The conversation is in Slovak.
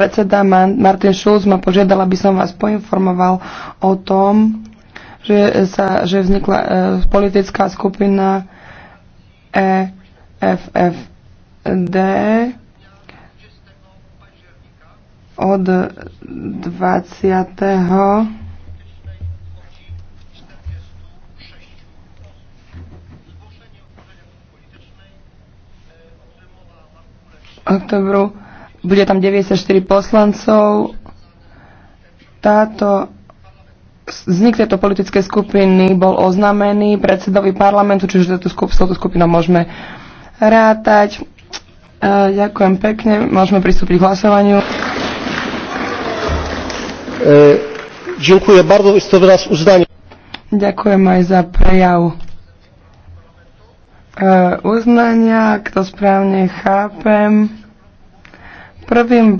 Predseda Martin Schulz ma požiadal, aby som vás poinformoval o tom, že, sa, že vznikla e, politická skupina EFFD od 20. oktobru bude tam 94 poslancov. Táto vznik tejto politickej skupiny bol oznámený predsedovi parlamentu, čiže skup, s touto skupinou môžeme rátať. E, ďakujem pekne, môžeme pristúpiť k hlasovaniu. E, ďakujem bardzo, isto to uznanie. Ďakujem aj za prejav e, uznania, kto to správne chápem. Prvým